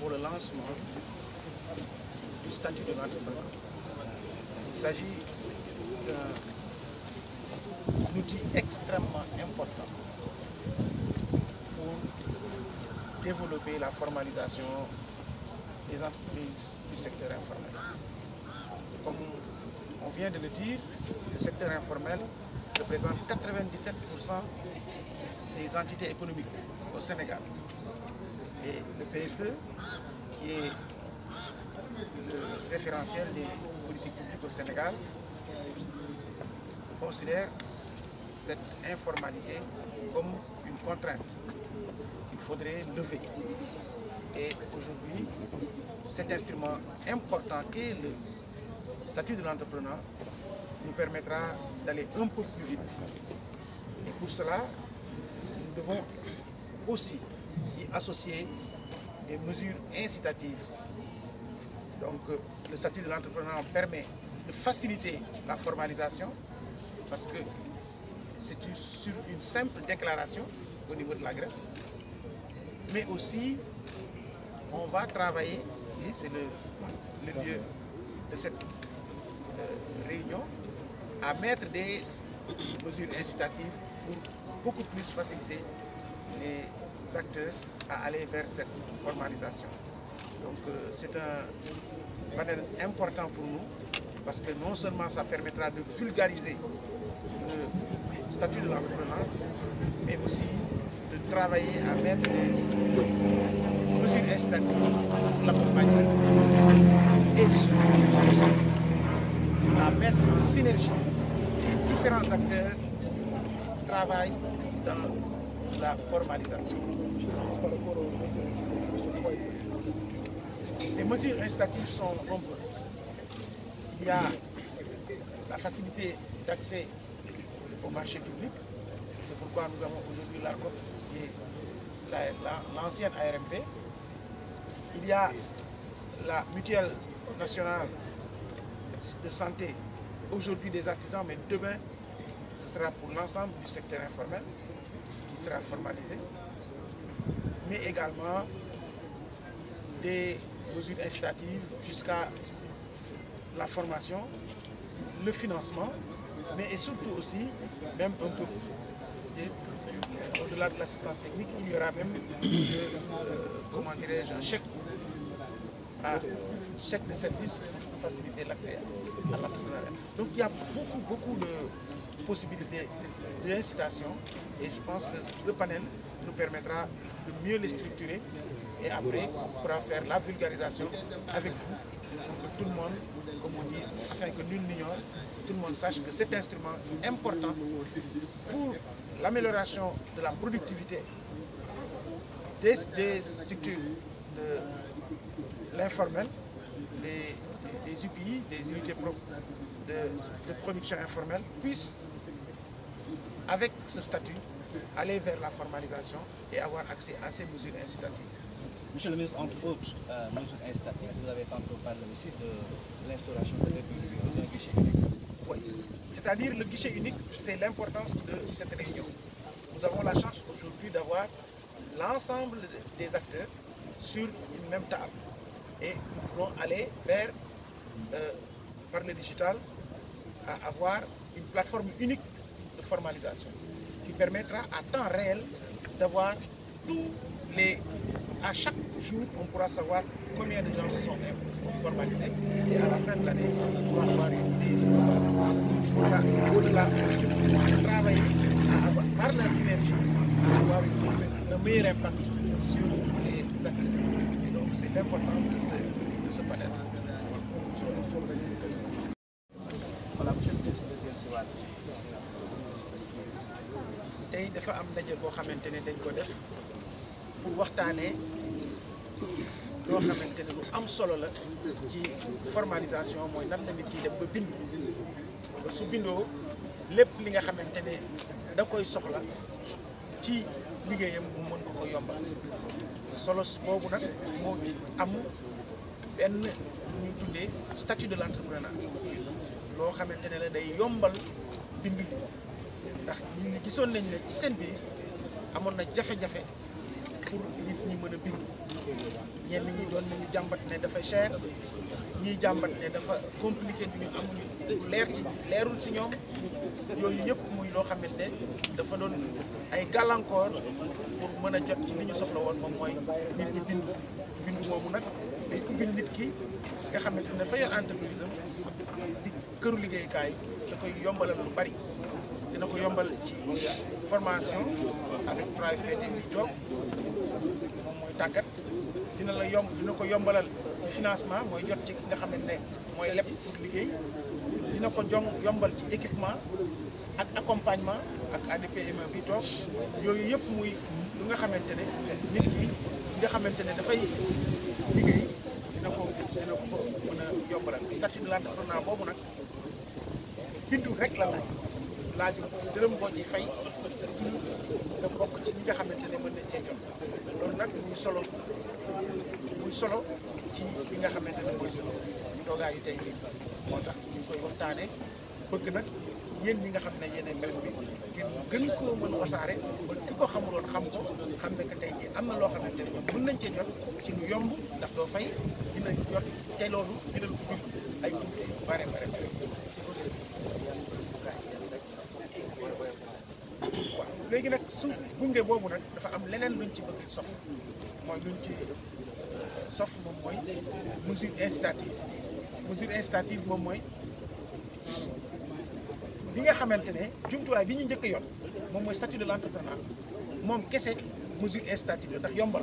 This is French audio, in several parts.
pour le lancement du statut de l'entrepreneur. Il s'agit d'un outil extrêmement important pour développer la formalisation des entreprises du secteur informel. Comme on vient de le dire, le secteur informel représente 97% des entités économiques au Sénégal. Et le PSE, qui est le référentiel des politiques publiques au Sénégal, considère cette informalité comme contraintes qu'il faudrait lever. Et aujourd'hui, cet instrument important est le statut de l'entrepreneur nous permettra d'aller un peu plus vite. Et pour cela, nous devons aussi y associer des mesures incitatives. Donc, euh, le statut de l'entrepreneur permet de faciliter la formalisation parce que c'est sur une simple déclaration au niveau de la grève. Mais aussi, on va travailler, et c'est le, lieu de cette euh, réunion, à mettre des mesures incitatives pour beaucoup plus faciliter les acteurs à aller vers cette formalisation. Donc euh, c'est un panel important pour nous parce que non seulement ça permettra de vulgariser le statut de l'entrepreneur, mais aussi travailler à mettre des mesures incitatives pour compagnie Et surtout, à mettre en synergie les différents acteurs qui travaillent dans la formalisation. Les mesures incitatives sont nombreuses. Il y a la facilité d'accès au marché public, c'est pourquoi nous avons aujourd'hui l'ARCOP, qui est l'ancienne ARMP. Il y a la mutuelle nationale de santé, aujourd'hui des artisans, mais demain, ce sera pour l'ensemble du secteur informel, qui sera formalisé, mais également des mesures incitatives jusqu'à la formation, le financement mais surtout aussi, même un peu au-delà de l'assistance technique, il y aura même, euh, comment dirais-je, un chèque, à, de service pour faciliter l'accès à l'entrepreneuriat. Donc il y a beaucoup, beaucoup de possibilités d'incitation et je pense que le panel nous permettra de mieux les structurer et après on pourra faire la vulgarisation avec vous tout le monde, comme on dit, afin que nul n'ignore, tout le monde sache que cet instrument est important pour l'amélioration de la productivité des, structures de l'informel, les, UPI, des unités propres de, de production informelle, puissent, avec ce statut, aller vers la formalisation et avoir accès à ces mesures incitatives. Monsieur le ministre, entre autres euh, mesures vous avez tantôt parlé aussi de l'instauration de d'un guichet unique. Oui. C'est-à-dire le guichet unique, c'est l'importance de cette réunion. Nous avons la chance aujourd'hui d'avoir l'ensemble des acteurs sur une même table. Et nous voulons aller vers, euh, par le digital, à avoir une plateforme unique de formalisation qui permettra à temps réel d'avoir tous les à chaque jour, on pourra savoir combien de gens se sont formalisés. Et à la fin de l'année, on pourra avoir une idée. au-delà aussi travailler à avoir, par la synergie à avoir le meilleur impact sur les activités. Et donc, c'est l'importance de ce, de panel. Voilà, monsieur le président de Biasiwal. tey dafa am ndaje boo xamante dañ ko def pour waxtaanee lo xamante lu am solo la ci formalisation moy nan la nit ki dem ba bind ba su bindo lepp li nga xamante da koy soxla ci liggéeyam mu mën ko ko yombal solo bobu nak mo ngi am ben ñu tuddé statut de l'entrepreneur lo xamante la day yombal bind ndax ñi ngi gisoon nañ ne ci seen biir amoon na jafe-jafe pour nit ñi mën a bind ñenn ñi doon nañu jàmbat ne dafa cher ñiy jàmbat ne dafa compliqué du ñu amuñu leer ci leerul ci ñoom yooyu yëpp muy loo xamante ne dafa doon ay gàllankoor pour mën a jot ci li ñu soxla woon moom mooy nit ñi bind bind moomu nag day ubbil nit ki nga xamante ne fa yor entreprise am di këru liggéeyukaay da koy yombalal lu bari. na ko yombal ci formation avec PFPD bi toog moom mooy tàggat dina la yomb dina ko yombalal ci financement mooy jot ci nga xam ne mooy lépp pour liggéey dina ko jong yombal ci équipement ak accompagnement ak ADPME bi toog yooyu yëpp muy lu nga xamante ne nit ki nga xamante ne dafay liggéey dina ko dina ko mën a yombalal statut de l'entrepreneur boobu nag bindu rek la laaj laaju dërëm boo ci fay te bokk ci ñi nga xamante ne mën nañ cee jot loolu nag muy solo muy solo ci li nga xamante ne mooy solo ñu doogaayu tey bi moo tax ñu koy waxtaane bëgg nag yéen ñi nga xam ne yéen presse bi ngeen gën koo mën wasaare ba ki ko xamuloon xam ko xam ne que tey jii am na loo xamante ne mën nañ cee jot ci lu yomb ndax doo fay dinañ jot te loolu dinañ ko ay bare bare bare léegi nag su gunge boobu nag dafa am leneen luñ ci sof mooy luñ ci sof moom mooy mesure incitative mesure incitative moom mooy li nga xamante ne jumtuwaay bi ñu njëkk yoon moom mooy statut de l'entrepreneur moom kese mesure incitative la ndax yombal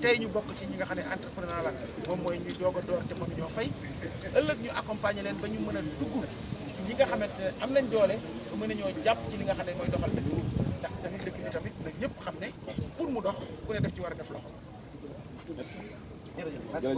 tey ñu bokk ci ñi nga xam ne entrepreneur la moom mooy ñu doog a door te moom ñoo fay ëllëg ñu accompagner leen ba ñu mën a dugg ci ñi nga xamante ne am nañ doole ba mën a ñoo jàpp ci li nga xam ne mooy doxal dëkk bi ndax tamit dëkk bi tamit na ñëpp xam ne pour mu dox ku ne def ci war a def loxo jërëjëf